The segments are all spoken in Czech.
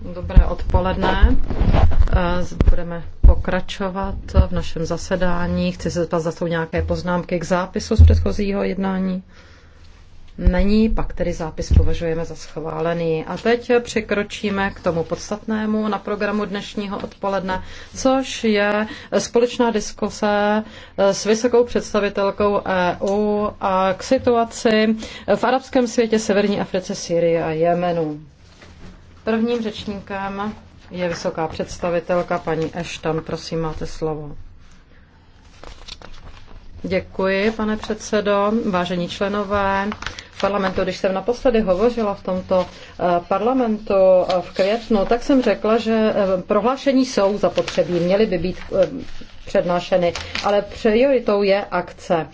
Dobré odpoledne. Eh, budeme pokračovat v našem zasedání. Chci se zeptat, zda jsou nějaké poznámky k zápisu z předchozího jednání není, pak tedy zápis považujeme za schválený. A teď překročíme k tomu podstatnému na programu dnešního odpoledne, což je společná diskuse eh, s vysokou představitelkou EU a k situaci v arabském světě, Severní Africe, Syrii a Jemenu. Prvním řečníkem je vysoká představitelka paní Ashton. Prosím, máte slovo. Děkuji, pane předsedo, vážení členové parlamentu. Když jsem naposledy hovořila v tomto eh, parlamentu eh, v květnu, tak jsem řekla, že eh, prohlášení jsou zapotřebí, měly by být přednášeny, ale prioritou je akce.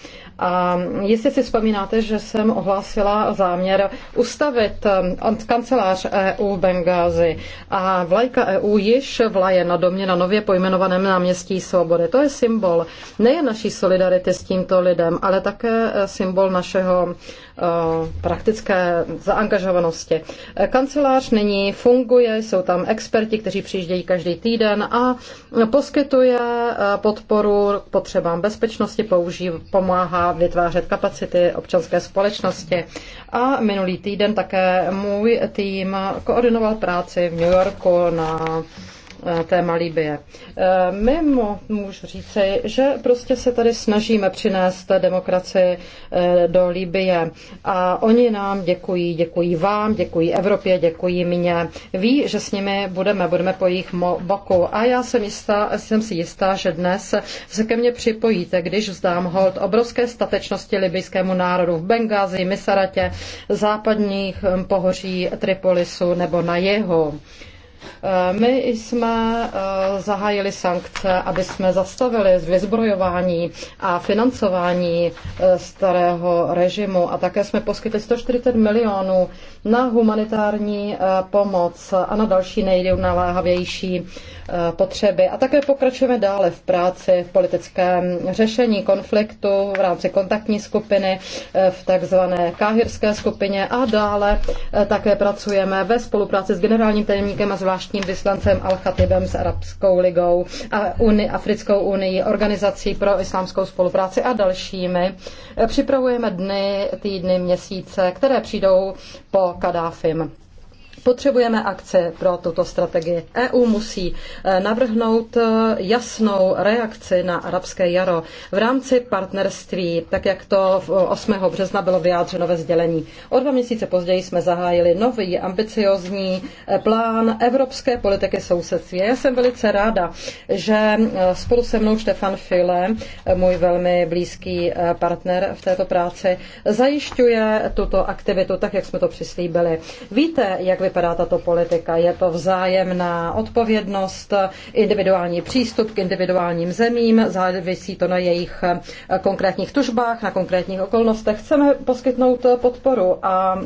A jestli si vzpomínáte, že jsem ohlásila záměr ustavit um, kancelář EU Bengázi a vlajka EU již vlaje na domě na nově pojmenovaném náměstí Svobody. To je symbol nejen naší solidarity s tímto lidem, ale také eh, symbol našeho eh, praktické zaangažovanosti. Eh, kancelář nyní funguje, jsou tam experti, kteří přijíždějí každý týden a poskytuje podporu potřebám bezpečnosti, použí, pomáhá vytvářet kapacity občanské společnosti. A minulý týden také můj tým koordinoval práci v New Yorku na Eh, téma Libie. Eh, my mu můžu říci, že prostě se tady snažíme přinést demokracii eh, do Libie a oni nám děkují, děkují vám, děkují Evropě, děkují mně. Ví, že s nimi budeme, budeme po jejich boku a já jsem, jistá, jsem si jistá, že dnes se ke mně připojíte, když vzdám hold obrovské statečnosti libijskému národu v Bengázi, Misaratě, západních hm, pohoří Tripolisu nebo na jeho Eh, my jsme eh, zahájili sankce, aby jsme zastavili vyzbrojování a financování eh, starého režimu a také jsme poskytli 140 milionů na humanitární eh, pomoc a na další nejnaléhavější eh, potřeby. A také pokračujeme dále v práci, v politickém řešení konfliktu v rámci kontaktní skupiny, eh, v takzvané káhirské skupině a dále také pracujeme ve spolupráci s generálním tajemníkem a zvláštním vyslancem Al-Khatibem s Arabskou ligou a Uni, Africkou unii, organizací pro islámskou spolupráci a dalšími. Připravujeme dny, týdny, měsíce, které přijdou po Kadáfim. Potřebujeme akce pro tuto strategii. EU musí eh, navrhnout eh, jasnou reakci na arabské jaro v rámci partnerství, tak jak to 8. Eh, března bylo vyjádřeno ve sdělení. O dva měsíce později jsme zahájili nový ambiciozní plán evropské politiky sousedství. Já jsem velice ráda, že spolu se mnou Štefan File, můj velmi blízký partner v této práci, zajišťuje tuto aktivitu tak, jak jsme to přislíbili. Víte, jak vy vypadá tato politika. Je to vzájemná odpovědnost, individuální přístup k individuálním zemím, závisí to na jejich eh, konkrétních tužbách, na konkrétních okolnostech. Chceme poskytnout podporu a mm,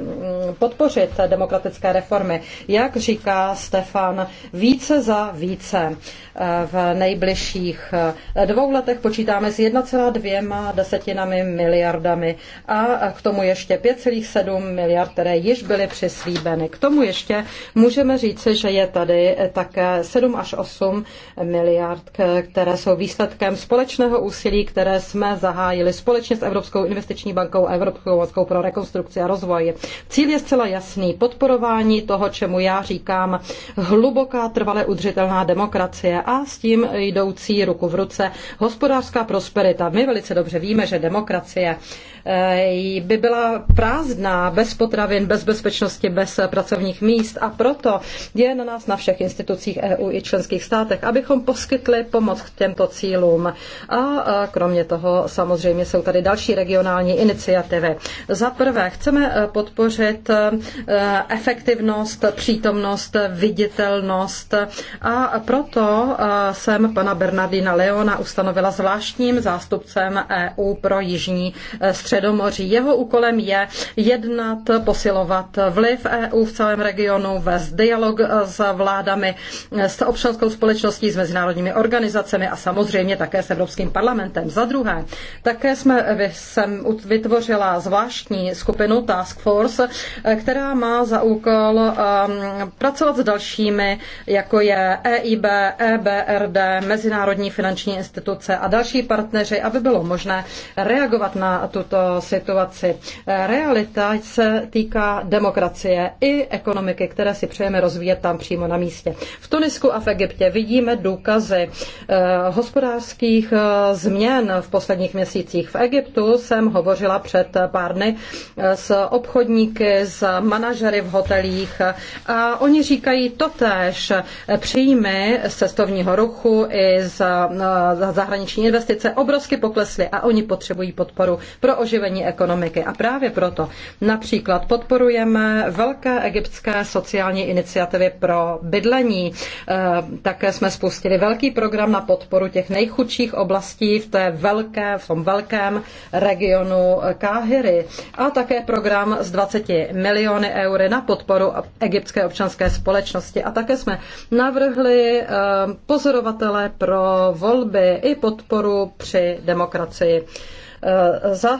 podpořit demokratické reformy. Jak říká Stefan, více za více. Eh, v nejbližších eh, dvou letech počítáme s 1,2 desetinami miliardami a k tomu ještě 5,7 miliard, které již byly přislíbeny. K tomu ještě ještě můžeme říci, že je tady také 7 až 8 miliard, které jsou výsledkem společného úsilí, které jsme zahájili společně s Evropskou investiční bankou a Evropskou bankou pro rekonstrukci a rozvoj. Cíl je zcela jasný. Podporování toho, čemu já říkám hluboká trvale udržitelná demokracie a s tím jdoucí ruku v ruce hospodářská prosperita. My velice dobře víme, že demokracie eh, by byla prázdná bez potravin, bez bezpečnosti, bez pracovních míst a proto je na nás na všech institucích EU i členských státech, abychom poskytli pomoc k těmto cílům. A kromě toho samozřejmě jsou tady další regionální iniciativy. Za prvé chceme e, podpořit e, efektivnost, přítomnost, viditelnost a proto e, jsem pana Bernardina Leona ustanovila zvláštním zástupcem EU pro Jižní středomoří. Jeho úkolem je jednat, posilovat vliv EU v celém regionu regionu, vést dialog eh, s vládami, eh, s občanskou společností, s mezinárodními organizacemi a samozřejmě také s Evropským parlamentem. Za druhé, také jsme, eh, jsem vytvořila zvláštní skupinu Task Force, která má za úkol ehm, pracovat s dalšími, jako je EIB, EBRD, Mezinárodní finanční instituce a další partneři, aby bylo možné reagovat na tuto situaci. Realita se týká demokracie i ekonomiky ekonomiky, které si přejeme rozvíjet tam přímo na místě. V Tunisku a v Egyptě vidíme důkazy eh, hospodářských eh, změn v posledních měsících. V Egyptu jsem hovořila před pár dny eh, s obchodníky, s manažery v hotelích a oni říkají totéž příjmy z cestovního ruchu i z zahraniční investice obrovsky poklesly a oni potřebují podporu pro oživení ekonomiky. A právě proto například podporujeme velké egyptské také sociální iniciativy pro bydlení. Eh, také jsme spustili velký program na podporu těch nejchudších oblastí v, té velké, v tom velkém regionu Káhyry. A také program z 20 miliony eur na podporu egyptské občanské společnosti. A také jsme navrhli eh, pozorovatele pro volby i podporu při demokracii. Eh, za,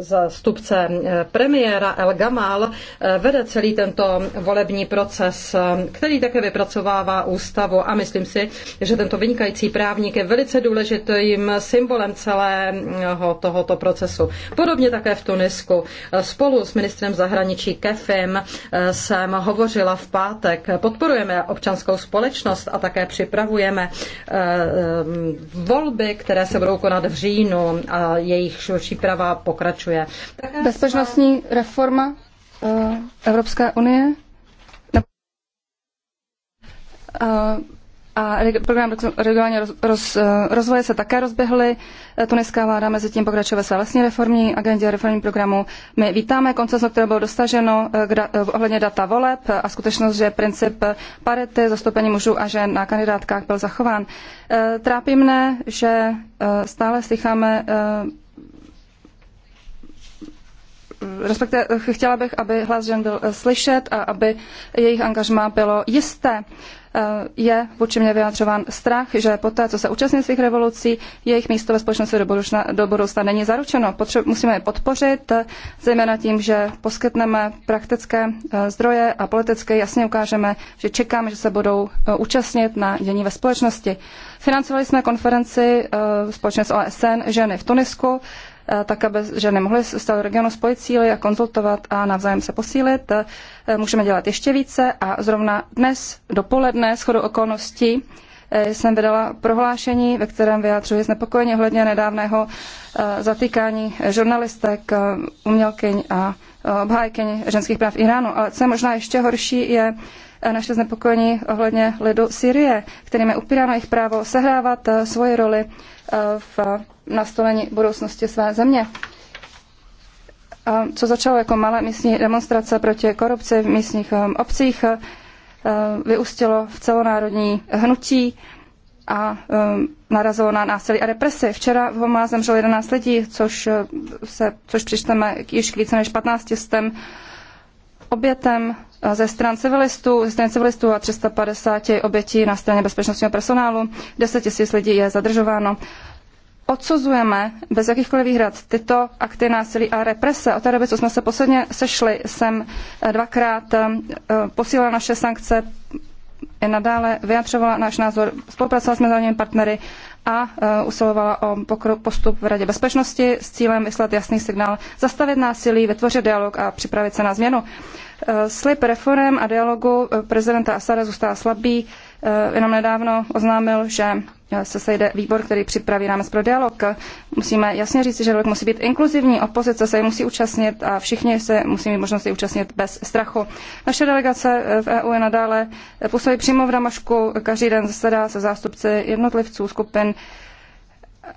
zastupce eh, premiéra El Gamal eh, vede celý tento volební proces, eh, který také vypracovává ústavu a myslím si, že tento vynikající právník je velice důležitým symbolem celého tohoto procesu. Podobně také v Tunisku. Spolu s ministrem zahraničí Kefim jsem hovořila v pátek. Podporujeme občanskou společnost a také připravujeme volby, které se budou konat v říjnu a jejich příprava pokračuje pokračuje. Bezpečnostní reforma eh, Evropské unie eh, a program regionálního roz, eh, rozvoje se také rozběhly. Tuniská vláda mezi tím pokračuje ve své vlastní reformní agendě, reformní programu. My vítáme koncenzus, které bylo dosaženo ohledně data voleb a skutečnost, že princip parity zastoupení mužů a žen na kandidátkách byl zachován. Trápí mne, že stále slycháme respektive eh, chtěla bych, aby hlas žen byl eh, slyšet a aby jejich angažmá bylo jisté. Eh, je vůči mě vyjadřován strach, že poté, co se účastní svých revolucí, jejich místo ve společnosti do budoucna, do budoucna není zaručeno. Potře- musíme je podpořit, zejména tím, že poskytneme praktické zdroje a politicky jasně ukážeme, že čekáme, že se budou účastnit na dění ve společnosti. Financovali jsme konferenci společně s OSN ženy v Tunisku Eh, tak aby ženy mohly z toho regionu spojit síly a konzultovat a navzájem se posílit. Eh, můžeme dělat ještě více a zrovna dnes dopoledne shodou okolností eh, jsem vydala prohlášení, ve kterém vyjadřuji znepokojení ohledně nedávného zatýkání žurnalistek, umělkyň a obhájkyň ženských práv Iránu. Ale co je možná ještě horší, je naše znepokojení ohledně lidu Syrie, kterým je upíráno jejich právo sehrávat eh, svoji roli eh, v nastolení budoucnosti své země. Co začalo jako malé místní demonstrace proti korupci v místních eh, obcích, vyústilo v celonárodní hnutí a narazilo na násilí a represi. Včera v Homá zemřelo 11 lidí, což, se, což přičteme již k více než 15 stem obětem ze stran civilistů, ze strany civilistů a 350 obětí na straně bezpečnostního personálu. 10 tisíc lidí je zadržováno. Odsuzujeme bez jakýchkoliv výhrad tyto akty násilí a represe. Od té doby, co jsme se posledně sešli, jsem eh, dvakrát eh, posílala naše sankce i nadále vyjadřovala náš názor, spolupracovala s mezinárodními partnery a eh, usilovala o postup v Radě bezpečnosti s cílem vyslat jasný signál, zastavit násilí, vytvořit dialog a připravit se na změnu. Eh, slib reform a dialogu eh, prezidenta Asada zůstává slabý. Eh, jenom nedávno oznámil, že se sejde výbor, který připraví rámec pro dialog. Musíme jasně říct, že dialog musí být inkluzivní, opozice se musí účastnit a všichni se musí mít možnost účastnit bez strachu. Naše delegace v EU je nadále působí přímo v Damašku, každý den zasedá se zástupci jednotlivců, skupin,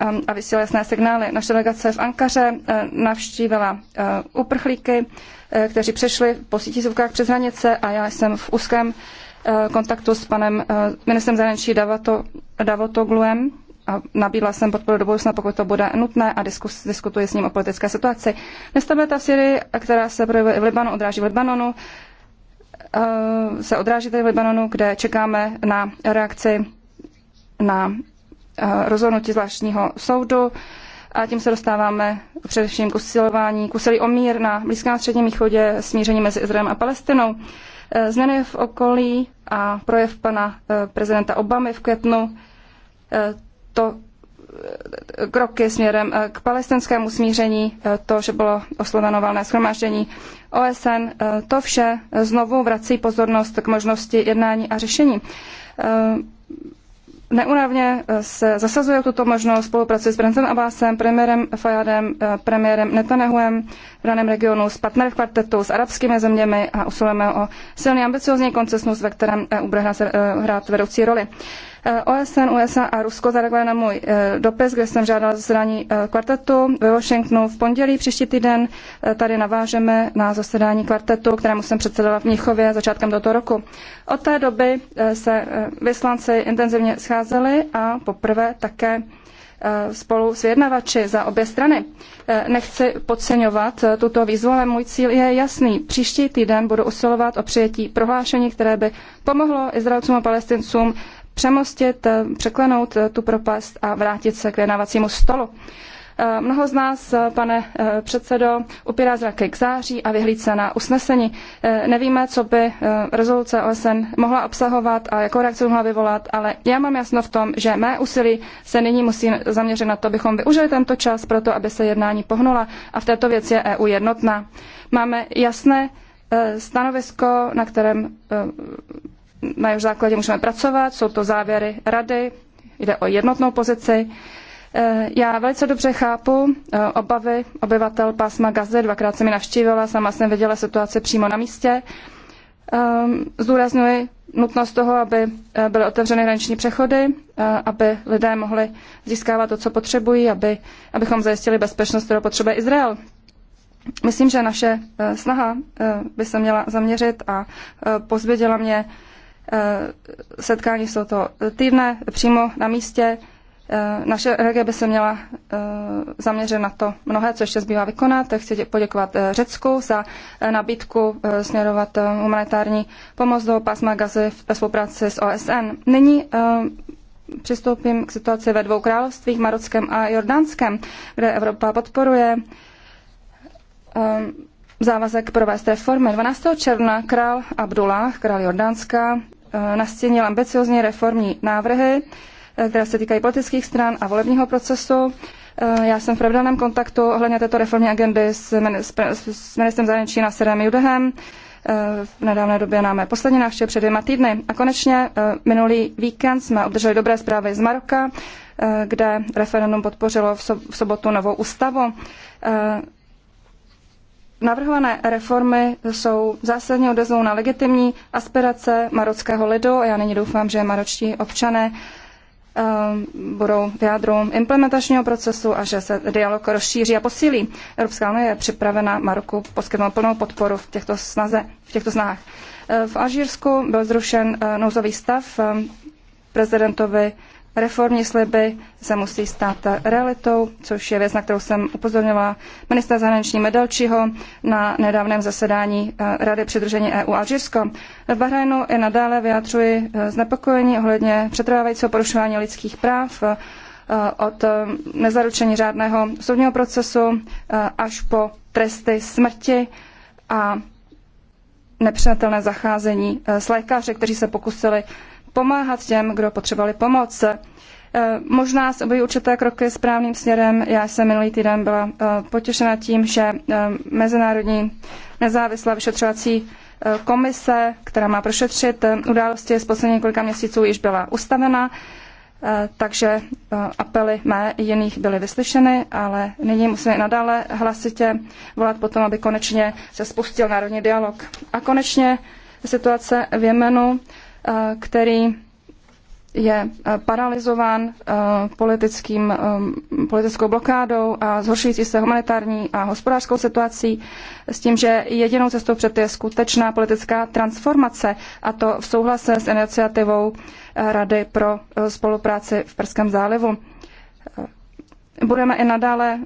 Um, a vysílá jasné signály. Naše delegace v Ankaře uh, navštívila uh, uprchlíky, uh, kteří přešli po zvukách přes hranice a já jsem v úzkém kontaktu s panem ministrem zahraničí Davato, Davotogluem a nabídla jsem podporu do budoucna, pokud to bude nutné a diskus, diskutuji s ním o politické situaci. Nestabilita v Syrii, která se projevuje i v Libanonu, odráží v Libanonu, se odráží tady v Libanonu, kde čekáme na reakci na Eh, rozhodnutí zvláštního soudu a tím se dostáváme především k usilování, k usilí o mír na Blízkém a středním východě, smíření mezi Izraelem a Palestinou. Eh, změny v okolí a projev pana eh, prezidenta Obamy v květnu to kroky směrem k palestinskému smíření, to, že bylo osloveno valné schromáždění OSN, to vše znovu vrací pozornost k možnosti jednání a řešení. Neunavně eh, se zasazuje o tuto možnost, spolupracuje s Brancem Abbasem, premiérem Fajadem, eh, premiérem Netanehuem v daném regionu, s partnery v kvartetu, s arabskými zeměmi a usilujeme o silný ambiciozní koncesnus, ve kterém EU eh, bude hrát vedoucí roli. Eh, OSN, USA a Rusko zareagovali na můj eh, dopis, kde jsem žádala zasedání eh, kvartetu ve Washingtonu v pondělí příští týden. Tady navážeme na zasedání kvartetu, kterému jsem předsedala v Mnichově začátkem tohoto roku. Od té doby se vyslanci intenzivně scházeli a poprvé také spolu s vyjednavači za obě strany. Nechci podceňovat tuto výzvu, ale můj cíl je jasný. Příští týden budu usilovat o přijetí prohlášení, které by pomohlo Izraelcům a Palestincům přemostit, eh, překlenout eh, tu propast a vrátit se k vyjednávacímu stolu. Eh, mnoho z nás, pane předsedo, upírá zraky k září a vyhlídce na usnesení. Nevíme, co by rezoluce OSN mohla obsahovat a jakou reakci mohla vyvolat, ale já mám jasno v tom, že mé úsilí se nyní musí zaměřit na to, abychom využili tento čas pro to, aby se jednání pohnula a v této věci je EU jednotná. Máme jasné stanovisko, na kterém na jehož základě můžeme pracovat, jsou to závěry rady, jde o jednotnou pozici. Eh, já velice dobře chápu eh, obavy obyvatel pásma Gaze, dvakrát jsem ji navštívila, sama jsem viděla situaci přímo na místě. Ehm, zdůraznuji nutnost toho, aby eh, byly otevřeny hraniční přechody, aby lidé mohli získávat to, co potřebují, aby, abychom zajistili bezpečnost, kterou potřebuje Izrael. Myslím, že naše snaha by se měla zaměřit a pozvěděla mě Eh, setkání jsou to týdne přímo na místě. Eh, naše energie by se měla eh, zaměřit na to mnohé, co ještě zbývá vykonat. Chci poděkovat Řecku za nabídku směrovat humanitární pomoc do pásma gazy ve spolupráci s OSN. Nyní přistoupím k situaci ve dvou královstvích, Marockém a Jordánském, kde Evropa podporuje závazek provést reformy. 12. června král Abdullah, král Jordánska, Eh, nastínil ambiciozní reformní návrhy, eh, které se týkají politických stran a volebního procesu. Eh, já jsem v pravidelném kontaktu ohledně této reformní agendy s, ministrem zahraničí Nasserem Judehem. V nedávné době nám je poslední návštěv před dvěma týdny. A konečně minulý víkend jsme obdrželi dobré zprávy z Maroka, kde referendum podpořilo v sobotu novou ústavu. Navrhované reformy jsou zásadně odezvou na legitimní aspirace marockého lidu a já nyní doufám, že maročtí občané ehm, budou v implementačního procesu a že se dialog rozšíří a posílí. Evropská unie je připravena Maroku poskytnout plnou podporu v těchto, snaze, v těchto snahách. Ehm, v Alžírsku byl zrušen ehm, nouzový stav prezidentovi reformní sliby se musí stát realitou, což je věc, na kterou jsem upozorňovala ministra zahraničí Medelčího na nedávném zasedání eh, Rady přidružení EU Alžírsko. V Bahrajnu i nadále vyjadřuji eh, znepokojení ohledně přetrvávajícího porušování lidských práv eh, od nezaručení řádného soudního procesu až po tresty smrti a nepřijatelné zacházení s lékaři, kteří se pokusili pomáhat těm, kdo potřebovali pomoc. Eh, možná se objeví určité kroky správným směrem. Já jsem minulý týden byla eh, potěšena tím, že eh, Mezinárodní nezávislá vyšetřovací komise, která má prošetřit události z posledních několika měsíců, již byla ustavena, takže apely mé i jiných byly vyslyšeny, ale nyní musíme nadále hlasitě volat potom, aby konečně se spustil národní dialog. A konečně situace v Jemenu Eh, který je eh, paralizován eh, politickým, politickou blokádou a zhoršující se humanitární a hospodářskou situací s tím, že jedinou cestou před je skutečná politická transformace a to v souhlase s iniciativou Rady pro spolupráci v Perském zálivu. Budeme i nadále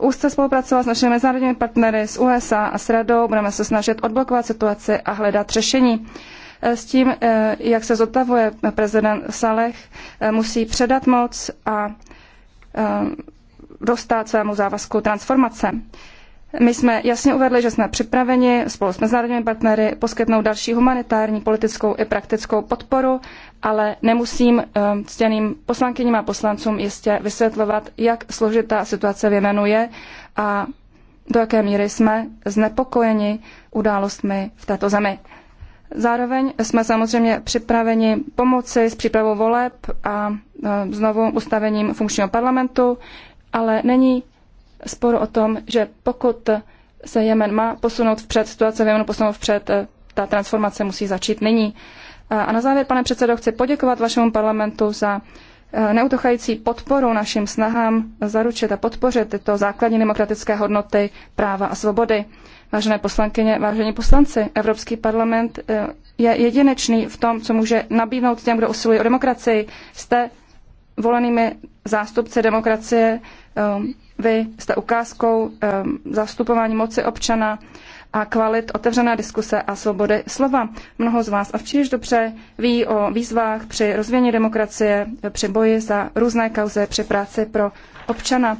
úzce spolupracovat s našimi mezinárodními partnery z USA a s Radou, budeme se snažit odblokovat situaci a hledat řešení. Eh, s tím, eh, jak se zotavuje prezident Saleh, eh, musí předat moc a dostat svému závazku transformace. My jsme jasně uvedli, že jsme připraveni spolu s mezinárodními partnery poskytnout další humanitární, politickou i praktickou podporu, ale nemusím ctěným poslankyním a poslancům jistě vysvětlovat, jak složitá situace v Jemenu je a do jaké míry jsme znepokojeni událostmi v této zemi. Zároveň jsme samozřejmě připraveni pomoci s přípravou voleb a e, znovu ustavením funkčního parlamentu, ale není spor o tom, že pokud se Jemen má posunout vpřed, situace v Jemenu posunout vpřed, e, ta transformace musí začít nyní. A na závěr, pane předsedo, chci poděkovat vašemu parlamentu za e, neutochající podporu našim snahám zaručit a podpořit tyto základní demokratické hodnoty, práva a svobody. Vážené poslankyně, vážení poslanci, Evropský parlament eh, je jedinečný v tom, co může nabídnout těm, kdo usilují o demokracii. Jste volenými zástupci demokracie, eh, vy jste ukázkou eh, zastupování moci občana a kvalit otevřené diskuse a svobody slova. Mnoho z vás a příliš dobře ví o výzvách při rozvíjení demokracie, při boji za různé kauze, při práci pro občana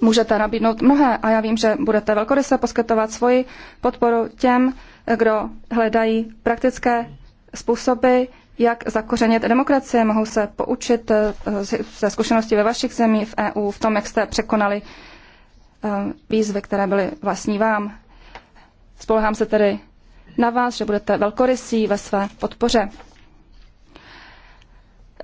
můžete nabídnout mnohé a já vím, že budete velkoryse poskytovat svoji podporu těm, kdo hledají praktické způsoby, jak zakořenit demokracie. Mohou se poučit eh, ze zkušeností ve vašich zemích v EU, v tom, jak jste překonali eh, výzvy, které byly vlastní vám. Spolehám se tedy na vás, že budete velkorysí ve své podpoře.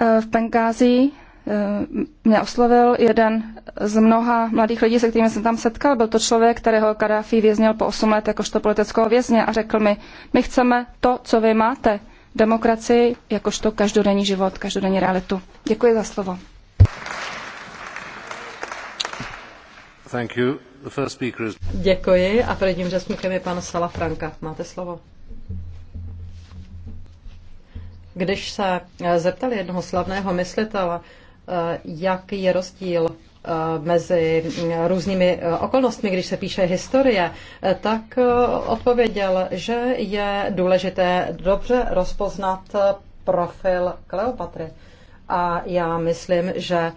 Eh, v Pengázii Eh, mě oslovil jeden z mnoha mladých lidí, se kterými jsem tam setkal. Byl to člověk, kterého Kadáfi věznil po 8 let jakožto politického vězně a řekl mi, my chceme to, co vy máte, demokracii jakožto každodenní život, každodenní realitu. Děkuji za slovo. Thank you. The first speaker is... Děkuji a prvním řečníkem je pan Sala Franka. Máte slovo. Když se eh, zeptali jednoho slavného myslitele, Eh, jak je rozdíl eh, mezi eh, různými okolnostmi, když se píše historie, tak odpověděl, že je důležité dobře rozpoznat profil Kleopatry. A já myslím, že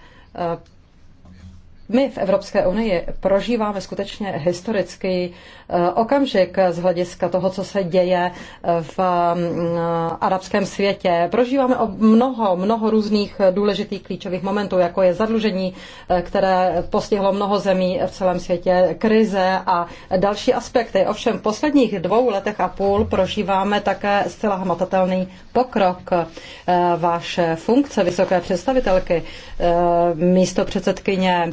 my v Evropské unii prožíváme skutečně historický eh, okamžik z hlediska toho, co se děje eh, v mm, eh, arabském světě. Prožíváme mnoho, mnoho různých důležitých klíčových momentů, jako je zadlužení, které postihlo mnoho zemí v celém světě, krize a další aspekty. Ovšem v posledních dvou letech a půl prožíváme také zcela hmatatelný pokrok vaše funkce vysoké představitelky, místo předsedkyně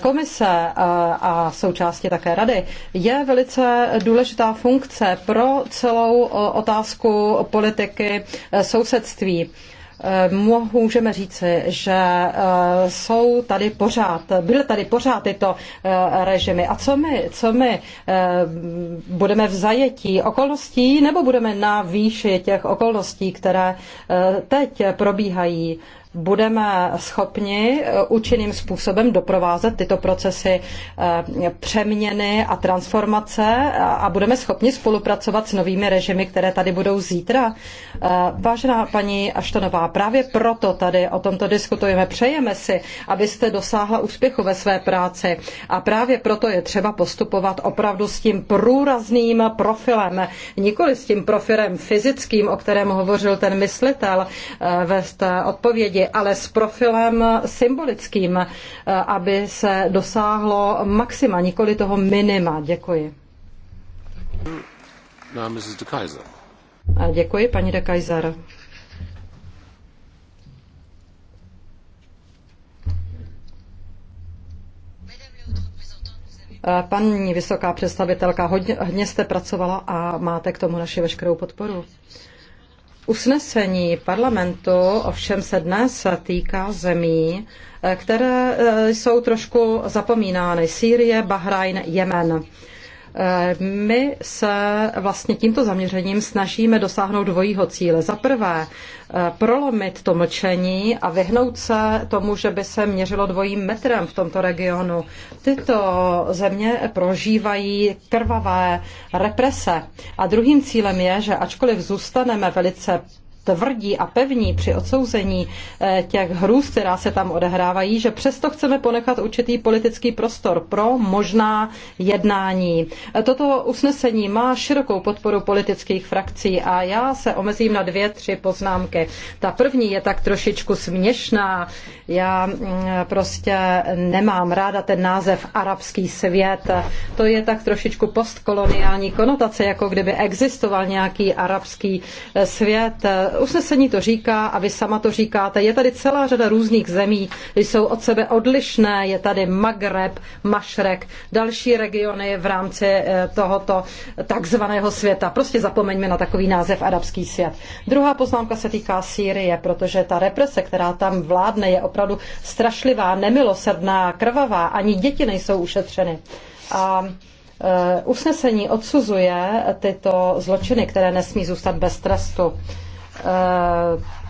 Komise eh, a součástí také rady je velice důležitá funkce pro celou eh, otázku politiky eh, sousedství můžeme říci, že jsou tady pořád, byly tady pořád tyto režimy. A co my, co my budeme v zajetí okolností, nebo budeme na výši těch okolností, které teď probíhají? budeme schopni eh, účinným způsobem doprovázet tyto procesy eh, přeměny a transformace a budeme schopni spolupracovat s novými režimy, které tady budou zítra. Eh, vážená paní Aštonová, právě proto tady o tomto diskutujeme. Přejeme si, abyste dosáhla úspěchu ve své práci a právě proto je třeba postupovat opravdu s tím průrazným profilem, nikoli s tím profilem fyzickým, o kterém hovořil ten myslitel ve odpovědi, politiky, ale s profilem symbolickým, eh, aby se dosáhlo maxima, nikoli toho minima. Děkuji. No, Mrs. De Kaiser. Děkuji, paní de Kaiser. Eh, paní vysoká představitelka, hodně, hodně jste pracovala a máte k tomu naši veškerou podporu. Usnesení parlamentu ovšem se dnes týká zemí, eh, které eh, jsou trošku zapomínány. Sýrie, Bahrajn, Jemen. Eh, my se vlastně tímto zaměřením snažíme dosáhnout dvojího cíle. Za prvé, eh, prolomit to mlčení a vyhnout se tomu, že by se měřilo dvojím metrem v tomto regionu. Tyto země prožívají krvavé represe. A druhým cílem je, že ačkoliv zůstaneme velice tvrdí a pevní při odsouzení eh, těch hrůz, která se tam odehrávají, že přesto chceme ponechat určitý politický prostor pro možná jednání. Toto usnesení má širokou podporu politických frakcí a já se omezím na dvě, tři poznámky. Ta první je tak trošičku směšná. Já mm, prostě nemám ráda ten název arabský svět. To je tak trošičku postkoloniální konotace, jako kdyby existoval nějaký arabský eh, svět usnesení to říká a vy sama to říkáte. Je tady celá řada různých zemí, jsou od sebe odlišné, je tady Magreb, Mašrek, další regiony v rámci eh, tohoto takzvaného světa. Prostě zapomeňme na takový název arabský svět. Druhá poznámka se týká Sýrie, protože ta represe, která tam vládne, je opravdu strašlivá, nemilosrdná, krvavá. Ani děti nejsou ušetřeny. A eh, usnesení odsuzuje tyto zločiny, které nesmí zůstat bez trestu. Eh,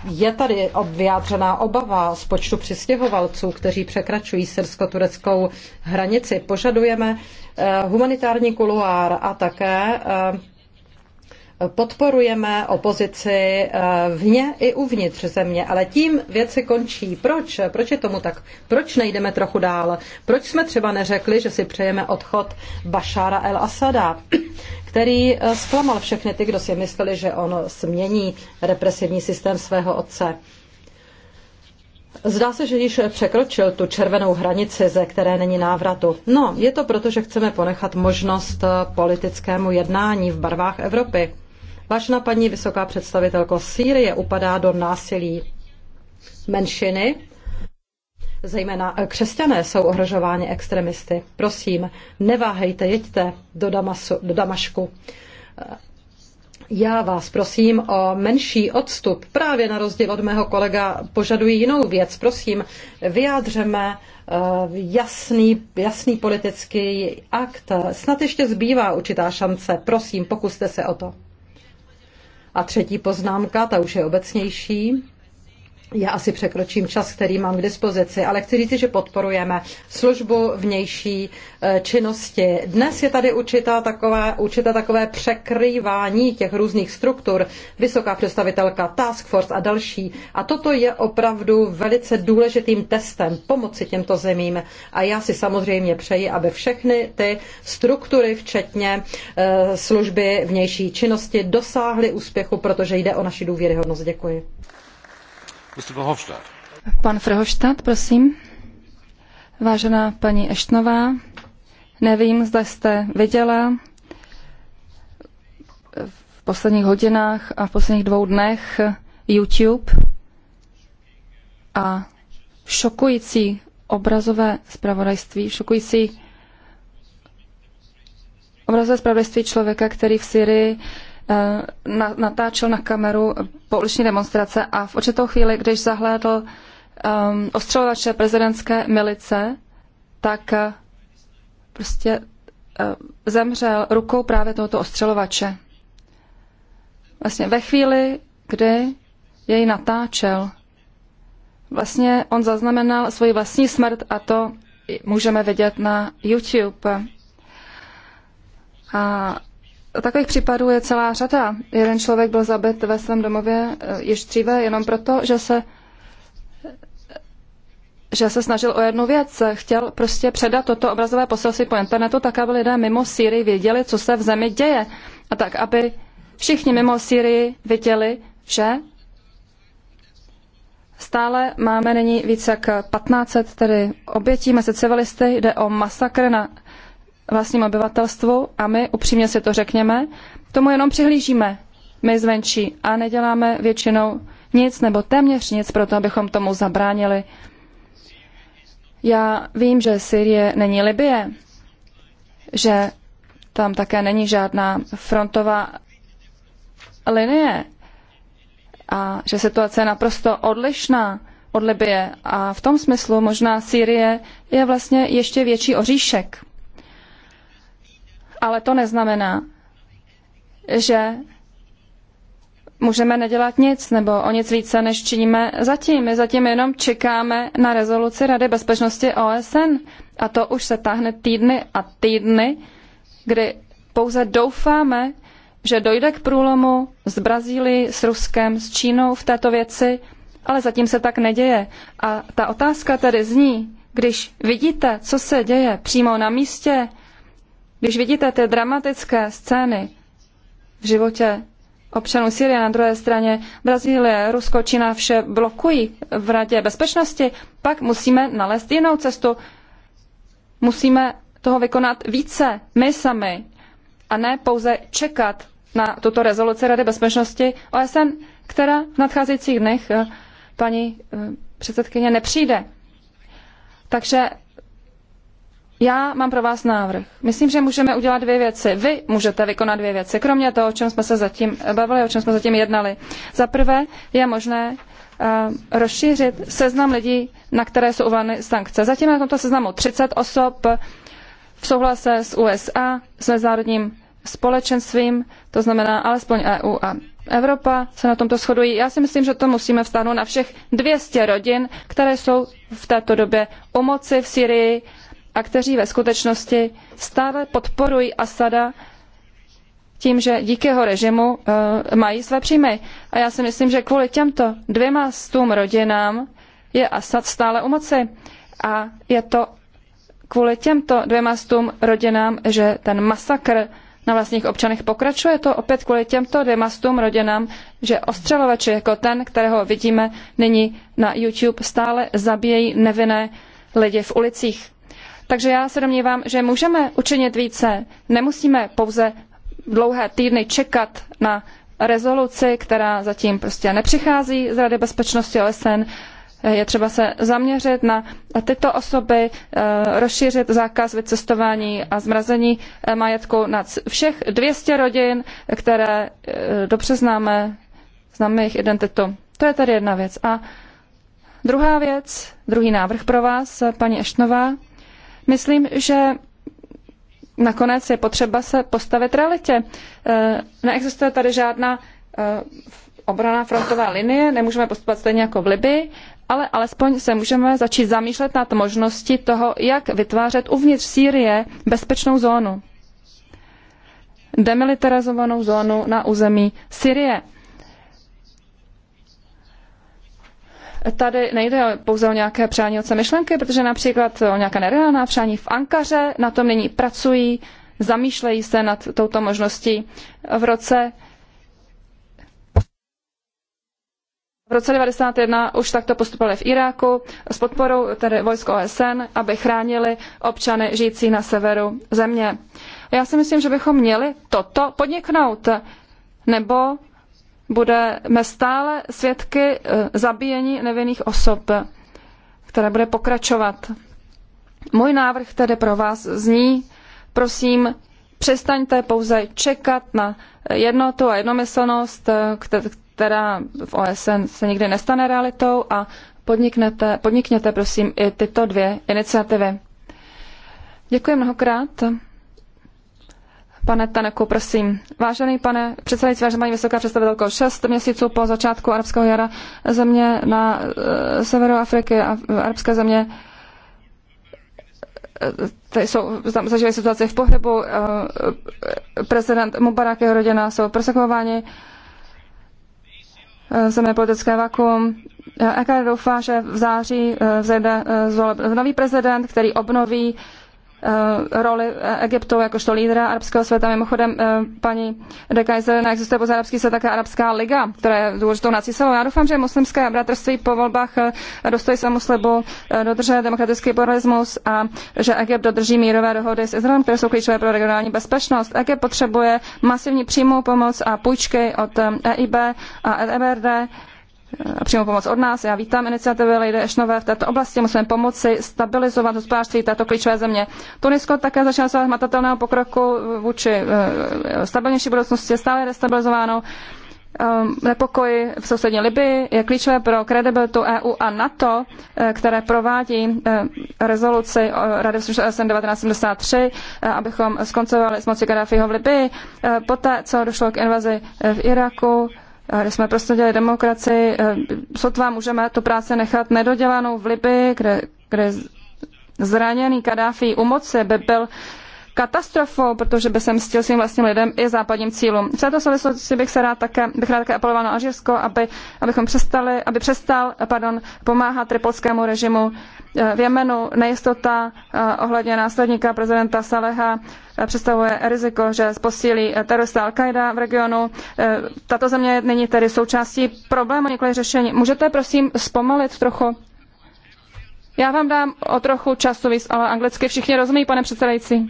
je tady vyjádřená obava z počtu přistěhovalců, kteří překračují syrsko-tureckou hranici. Požadujeme eh, humanitární kuluár a také eh, podporujeme opozici eh, vně i uvnitř země, ale tím věci končí. Proč? Proč je tomu tak? Proč nejdeme trochu dál? Proč jsme třeba neřekli, že si přejeme odchod Bašára el-Asada, který eh, zklamal všechny ty, kdo si mysleli, že on změní represivní systém svého otce? Zdá se, že již překročil tu červenou hranici, ze které není návratu. No, je to proto, že chceme ponechat možnost eh, politickému jednání v barvách Evropy. Vážná paní vysoká představitelko, Sýrie upadá do násilí menšiny, zejména eh, křesťané jsou ohrožováni extremisty. Prosím, neváhejte, jeďte do, Damasu, do Damašku. Eh, já vás prosím o menší odstup. Právě na rozdíl od mého kolega požaduji jinou věc. Prosím, vyjádřeme eh, jasný, jasný politický akt. Snad ještě zbývá určitá šance. Prosím, pokuste se o to. A třetí poznámka, ta už je obecnější já asi překročím čas, který mám k dispozici, ale chci říct, že podporujeme službu vnější eh, činnosti. Dnes je tady určitá takové, určitá takové překrývání těch různých struktur, vysoká představitelka, task force a další. A toto je opravdu velice důležitým testem pomoci těmto zemím. A já si samozřejmě přeji, aby všechny ty struktury, včetně eh, služby vnější činnosti, dosáhly úspěchu, protože jde o naši důvěryhodnost. Děkuji. Pan Verhofstadt, prosím. Vážená paní Eštnová, nevím, zda jste viděla v posledních hodinách a v posledních dvou dnech YouTube a šokující obrazové zpravodajství, šokující obrazové zpravodajství člověka, který v Syrii Eh, natáčel na kameru pouliční demonstrace a v určitou chvíli, když zahlédl um, ostřelovače prezidentské milice, tak uh, prostě uh, zemřel rukou právě tohoto ostřelovače. Vlastně ve chvíli, kdy jej natáčel, vlastně on zaznamenal svoji vlastní smrt a to můžeme vidět na YouTube. A Takových případů je celá řada. Jeden člověk byl zabit ve svém domově eh, již dříve jenom proto, že se, že se snažil o jednu věc. Chtěl prostě předat toto obrazové poselství po internetu, tak aby lidé mimo Sýrii věděli, co se v zemi děje. A tak, aby všichni mimo Sýrii viděli, že stále máme nyní více jak 1500 tedy obětí mezi civilisty. Jde o masakr na vlastním obyvatelstvu a my, upřímně si to řekněme, tomu jenom přihlížíme my zvenčí a neděláme většinou nic nebo téměř nic pro to, abychom tomu zabránili. Já vím, že Syrie není Libie, že tam také není žádná frontová linie a že situace je naprosto odlišná od Libie a v tom smyslu možná Syrie je vlastně ještě větší oříšek ale to neznamená, že můžeme nedělat nic nebo o nic více, než činíme zatím. My zatím jenom čekáme na rezoluci Rady bezpečnosti OSN a to už se táhne týdny a týdny, kdy pouze doufáme, že dojde k průlomu s Brazílií, s Ruskem, s Čínou v této věci, ale zatím se tak neděje. A ta otázka tedy zní, když vidíte, co se děje přímo na místě, když vidíte ty dramatické scény v životě občanů Syrie, na druhé straně Brazílie, Rusko, Čína vše blokují v Radě bezpečnosti, pak musíme nalézt jinou cestu. Musíme toho vykonat více my sami a ne pouze čekat na tuto rezoluci Rady bezpečnosti OSN, která v nadcházejících dnech eh, paní eh, předsedkyně nepřijde. Takže já mám pro vás návrh. Myslím, že můžeme udělat dvě věci. Vy můžete vykonat dvě věci, kromě toho, o čem jsme se zatím eh, bavili, o čem jsme zatím jednali. Za prvé je možné eh, rozšířit seznam lidí, na které jsou uvaleny sankce. Zatím je na tomto seznamu 30 osob v souhlase s USA, s mezinárodním společenstvím, to znamená alespoň EU a Evropa se na tomto shodují. Já si myslím, že to musíme vstáhnout na všech 200 rodin, které jsou v této době u moci v Syrii a kteří ve skutečnosti stále podporují Asada tím, že díky jeho režimu uh, mají své příjmy. A já si myslím, že kvůli těmto dvěma stům rodinám je Asad stále u moci. A je to kvůli těmto dvěma stům rodinám, že ten masakr na vlastních občanech pokračuje to opět kvůli těmto dvěma stům rodinám, že ostřelovači jako ten, kterého vidíme nyní na YouTube, stále zabíjejí nevinné lidi v ulicích. Takže já se domnívám, že můžeme učinit více. Nemusíme pouze dlouhé týdny čekat na rezoluci, která zatím prostě nepřichází z Rady bezpečnosti OSN. Je třeba se zaměřit na tyto osoby, eh, rozšířit zákaz vycestování a zmrazení eh, majetku na všech 200 rodin, které eh, dobře známe, známe jejich identitu. To je tady jedna věc. A druhá věc, druhý návrh pro vás, paní Eštnová Myslím, že nakonec je potřeba se postavit realitě. Eh, neexistuje tady žádná eh, obraná frontová linie, nemůžeme postupovat stejně jako v Libii, ale alespoň se můžeme začít zamýšlet nad možností toho, jak vytvářet uvnitř Sýrie bezpečnou zónu. Demilitarizovanou zónu na území Syrie. tady nejde pouze o nějaké přání od myšlenky, protože například o nějaká nereálná přání v Ankaře, na tom nyní pracují, zamýšlejí se nad touto možností v roce V roce 1991 už takto postupovali v Iráku s podporou tedy vojsk OSN, aby chránili občany žijící na severu země. Já si myslím, že bychom měli toto podniknout, nebo budeme stále svědky eh, zabíjení nevinných osob, které bude pokračovat. Můj návrh tedy pro vás zní, prosím, přestaňte pouze čekat na jednotu a jednomyslnost, eh, která v OSN se nikdy nestane realitou a podniknete, podnikněte prosím i tyto dvě iniciativy. Děkuji mnohokrát. Pane Taneku, prosím. Vážený pane předsedající, vážená paní vysoká představitelko, šest měsíců po začátku arabského jara země na eh, severu Afriky a arabské země eh, tady jsou, zažívají situaci v pohybu, eh, prezident Mubarak jeho rodina jsou persekováni, země politické vakuum. EKR doufá, že v září vzejde nový prezident, který obnoví Eh, roli Egyptu jakožto lídra arabského světa. Mimochodem, eh, paní de Kaiser, neexistuje pouze arabský svět také Arabská liga, která je důležitou nací silou. Já doufám, že muslimské bratrství po volbách eh, dostojí svému slibu, dodržuje demokratický pluralismus a že Egypt dodrží mírové dohody s Izraelem, které jsou klíčové pro regionální bezpečnost. Egypt potřebuje masivní přímou pomoc a půjčky od EIB e a EBRD e Eh, přímo pomoc od nás. Já vítám iniciativy Lady Ešnové v této oblasti. Musíme pomoci stabilizovat hospodářství této klíčové země. Tunisko také začalo svého matatelného pokroku vůči eh, stabilnější budoucnosti, je stále je destabilizováno. Eh, nepokoji v sousední Libii je klíčové pro kredibilitu EU a NATO, které provádí rezoluci Rady v 1973, abychom skoncovali s mocí Gaddafiho v Libii. Poté, co došlo k invazi v Iraku, Eh, Když jsme prosadili demokracii. Eh, sotva můžeme tu práci nechat nedodělanou v Libii, kde, kde zraněný Kadáfi u moci by byl katastrofou, protože by se mstil svým vlastním lidem i západním cílům. V této souvislosti bych se rád také, bych rád také apeloval na Alžírsko, aby, abychom přestali, aby přestal pardon, pomáhat tripolskému režimu v Jemenu nejistota eh, ohledně následníka prezidenta Saleha eh, představuje riziko, že posílí eh, terorista Al-Qaida v regionu. Tato země není tedy součástí problému, nikoli řešení. Můžete prosím zpomalit trochu? Já vám dám o trochu času víc, ale anglicky všichni rozumí, pane předsedající.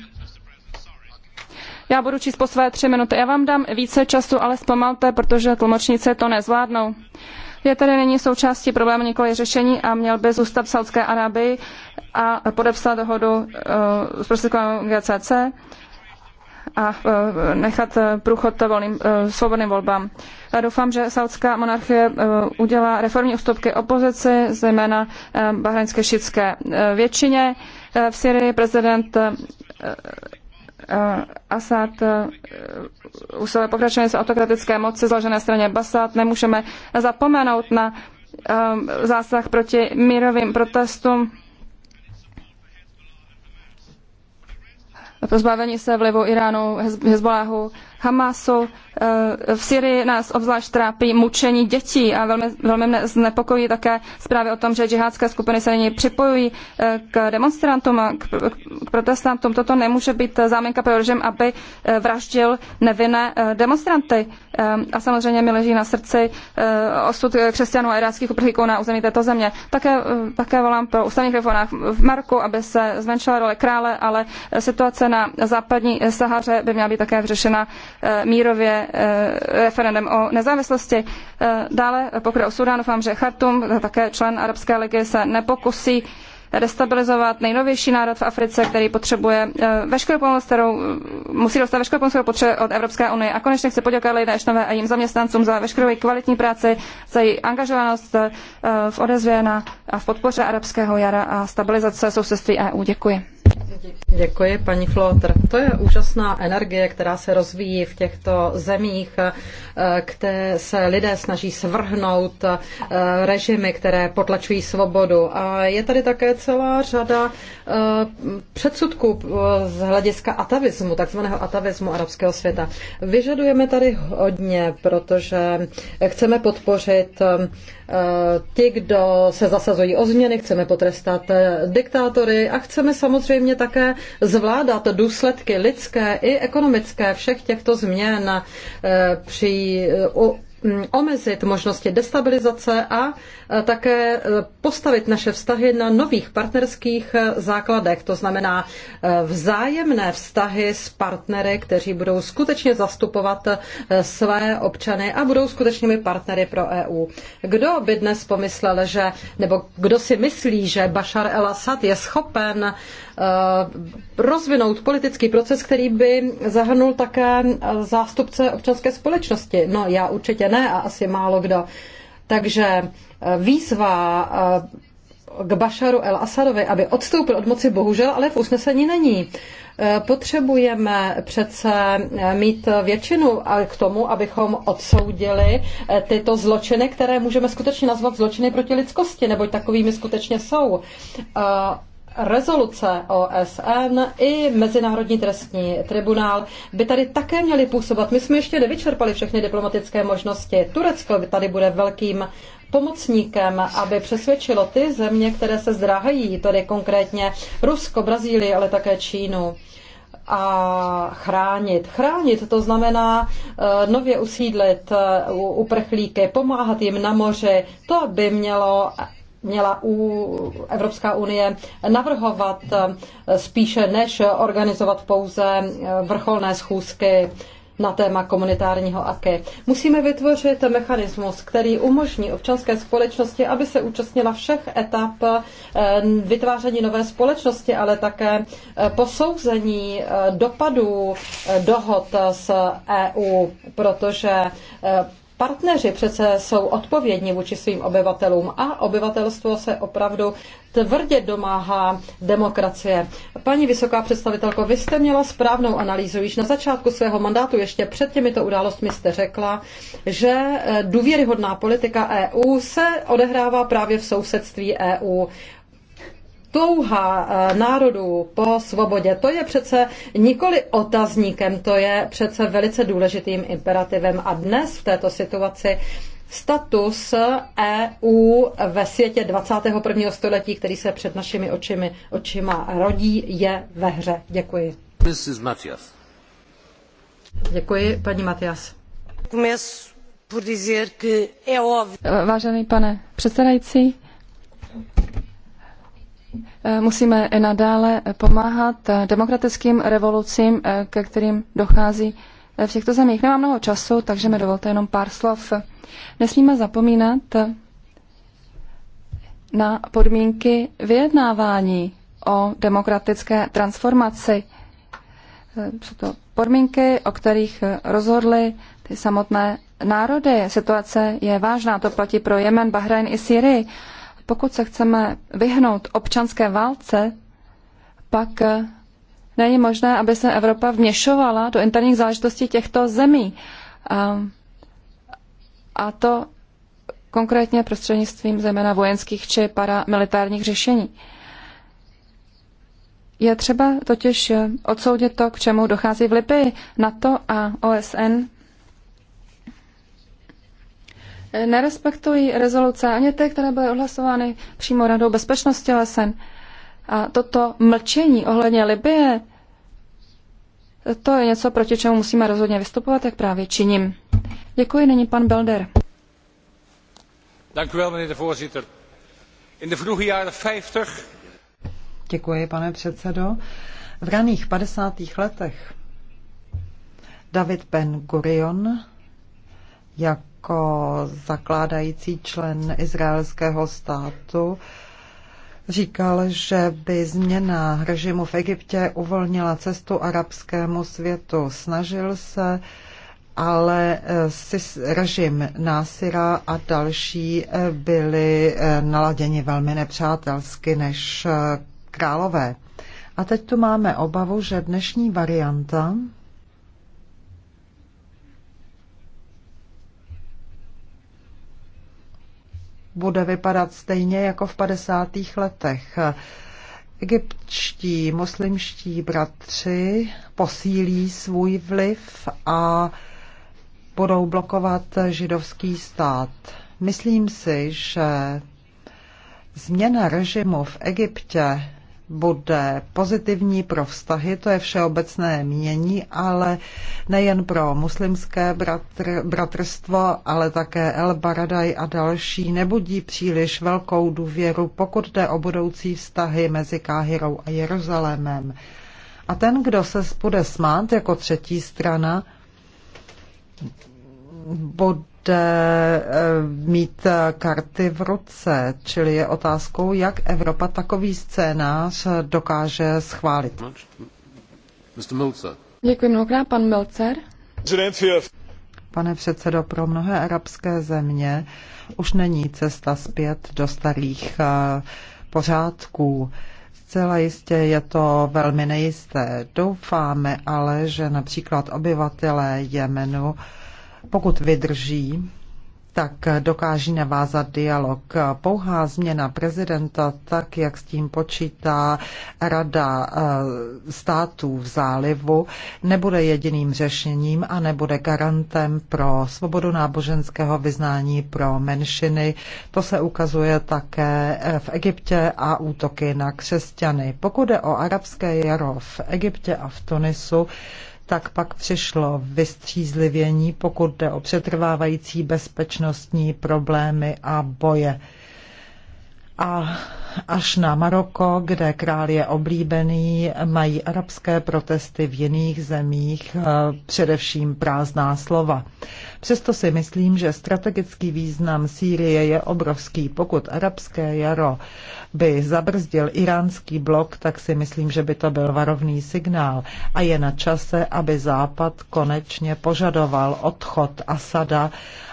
Já budu číst po své tři minuty. Já vám dám více času, ale zpomalte, protože tlumočníci to nezvládnou. Uh, je tedy nyní součástí problému nikoli řešení a měl by zůstat v Saudské Arabii a podepsat dohodu s eh, prostředkovanou GCC a eh, nechat eh, průchod volným, svobodným volbám. Já doufám, že saudská monarchie udělá reformní ústupky opozici, zejména bahrajnské šítské většině. V Syrii prezident Eh, Asad eh, usiluje pokračuje z autokratické moci zložené straně Basad. Nemůžeme zapomenout na eh, zásah proti mírovým protestům. Pozbavení se vlivu Iránu, Hezboláhu, Hamasu, Eh, v Syrii nás obzvlášť trápí mučení dětí a velmi, velmi mne znepokojí také zprávy o tom, že džihádské skupiny se nyní připojují eh, k demonstrantům a k, k protestantům. Toto nemůže být záminka pro režim, aby eh, vraždil nevinné demonstranty. A samozřejmě mi leží na srdci osud křesťanů a iráckých uprchlíků na území této země. Také, také volám po ústavních reformách v Marku, aby se zmenšila role krále, ale situace na západní Sahaře by měla být také řešena mírově Eh, referendem o nezávislosti. Eh, dále, pokud je o Sudán, doufám, že Chartum, také člen Arabské ligy, se nepokusí destabilizovat nejnovější národ v Africe, který potřebuje eh, veškerou pomoc, kterou musí dostat veškerou pomoc, kterou potřebuje od Evropské unie. A konečně chci poděkovat lidé Ešnové a jejím zaměstnancům za veškerou kvalitní práci, za její angažovanost v odezvě na, a v podpoře arabského jara a stabilizace sousedství EU. Děkuji. Děkuji, paní Flotr. To je úžasná energie, která se rozvíjí v těchto zemích, eh, kde se lidé snaží svrhnout eh, režimy, které potlačují svobodu. A je tady také celá řada eh, předsudků z hlediska atavismu, takzvaného atavismu arabského světa. Vyžadujeme tady hodně, protože chceme podpořit Eh, ti, kdo se zasazují o změny, chceme potrestat eh, diktátory a chceme samozřejmě také zvládat důsledky lidské i ekonomické všech těchto změn eh, při Mm, omezit možnosti destabilizace a e, také e, postavit naše vztahy na nových partnerských e, základech, to znamená vzájemné vztahy s partnery, kteří budou skutečně zastupovat své občany a budou skutečnými partnery pro EU. Kdo by dnes pomyslel, že, nebo kdo si myslí, že Bashar el-Assad je schopen rozvinout politický proces, který by zahrnul také zástupce občanské společnosti? No, já určitě ne a asi málo kdo. Takže eh, výzva eh, k Bašaru el-Asadovi, aby odstoupil od moci, bohužel, ale v usnesení není. Eh, potřebujeme přece mít většinu k tomu, abychom odsoudili tyto zločiny, které můžeme skutečně nazvat zločiny proti lidskosti, neboť takovými skutečně jsou rezoluce OSN i Mezinárodní trestní tribunál by tady také měly působit. My jsme ještě nevyčerpali všechny diplomatické možnosti. Turecko by tady bude velkým pomocníkem, aby přesvědčilo ty země, které se zdráhají, tedy konkrétně Rusko, Brazílii, ale také Čínu a chránit. Chránit to znamená eh, nově usídlit eh, uprchlíky, pomáhat jim na moři. To by mělo měla u Evropská unie navrhovat eh, spíše než organizovat pouze eh, vrcholné schůzky na téma komunitárního AKE. Musíme vytvořit mechanismus, který umožní občanské společnosti, aby se účastnila všech etap eh, vytváření nové společnosti, ale také posouzení dopadů dohod s EU, protože partneři přece jsou odpovědní vůči svým obyvatelům a obyvatelstvo se opravdu tvrdě domáhá demokracie. Paní vysoká představitelko, vy jste měla správnou analýzu. Již na začátku svého mandátu, ještě před těmito událostmi jste řekla, že eh, důvěryhodná politika EU se odehrává právě v sousedství EU touha eh, národů po svobodě, to je přece nikoli otazníkem, to je přece velice důležitým imperativem. A dnes v této situaci status EU ve světě 21. století, který se před našimi očimi, očima rodí, je ve hře. Děkuji. Mrs. Matias. Děkuji, paní Matias. Vážený pane předsedající, musíme i nadále pomáhat demokratickým revolucím, eh, ke kterým dochází eh, v těchto zemích. Nemám mnoho času, takže mi dovolte jenom pár slov. Nesmíme zapomínat na podmínky vyjednávání o demokratické transformaci. Eh, jsou to podmínky, o kterých rozhodly ty samotné národy. Situace je vážná, to platí pro Jemen, Bahrajn i Syrii pokud se chceme vyhnout občanské válce, pak eh, není možné, aby se Evropa vměšovala do interních záležitostí těchto zemí. A, a to konkrétně prostřednictvím zejména vojenských či paramilitárních řešení. Je třeba totiž eh, odsoudit to, k čemu dochází v Libii. NATO a OSN nerespektují rezoluce ani ty, které byly odhlasovány přímo Radou bezpečnosti OSN. A toto mlčení ohledně Libie, to je něco, proti čemu musíme rozhodně vystupovat, jak právě činím. Děkuji, není pan Belder. Děkuji, pane předsedo. V raných 50. letech David Ben Gurion jak jako zakládající člen izraelského státu říkal, že by změna režimu v Egyptě uvolnila cestu arabskému světu. Snažil se, ale eh, režim Násira a další eh, byli eh, naladěni velmi nepřátelsky než králové. A teď tu máme obavu, že dnešní varianta bude vypadat stejně jako v 50. letech. Egyptští muslimští bratři posílí svůj vliv a budou blokovat židovský stát. Myslím si, že změna režimu v Egyptě bude pozitivní pro vztahy, to je všeobecné mínění, ale nejen pro muslimské bratr, bratrstvo, ale také El Baradaj a další nebudí příliš velkou důvěru, pokud jde o budoucí vztahy mezi Káhirou a Jeruzalémem. A ten, kdo se bude smát jako třetí strana, bude E, mít karty v ruce, čili je otázkou, jak Evropa takový scénář dokáže schválit. Děkuji mnohokrát, pan Melcer. Pane předsedo, pro mnohé arabské země už není cesta zpět do starých e, pořádků. Zcela jistě je to velmi nejisté. Doufáme ale, že například obyvatelé Jemenu pokud vydrží, tak dokáží navázat dialog. Pouhá změna prezidenta, tak jak s tím počítá Rada eh, států v zálivu, nebude jediným řešením a nebude garantem pro svobodu náboženského vyznání pro menšiny. To se ukazuje také v Egyptě a útoky na křesťany. Pokud je o arabské jaro v Egyptě a v Tunisu, tak pak přišlo vystřízlivění, pokud jde o přetrvávající bezpečnostní problémy a boje. A až na Maroko, kde král je oblíbený, mají arabské protesty v jiných zemích eh, především prázdná slova. Přesto si myslím, že strategický význam Sýrie je obrovský. Pokud arabské jaro by zabrzdil iránský blok, tak si myslím, že by to byl varovný signál. A je na čase, aby Západ konečně požadoval odchod Asada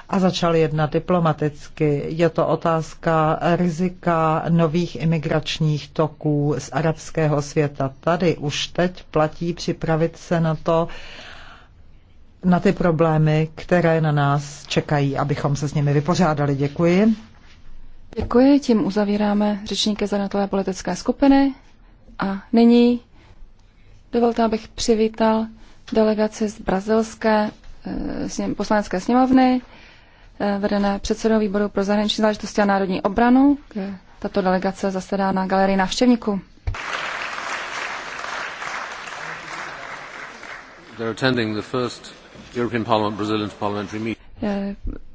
a začal jednat diplomaticky. Je to otázka rizika nových velkých imigračních toků z arabského světa. Tady už teď platí připravit se na to, na ty problémy, které na nás čekají, abychom se s nimi vypořádali. Děkuji. Děkuji, tím uzavíráme řečníky zanatové politické skupiny a nyní dovolte, abych přivítal delegaci z brazilské eh, poslanecké sněmovny, eh, vedené předsedou výboru pro zahraniční záležitosti a národní obranu, tato delegace zasedá na galerii návštěvníků.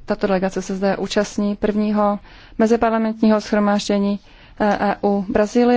Tato delegace se zde účastní prvního meziparlamentního schromáždění EU eh, e Brazílie.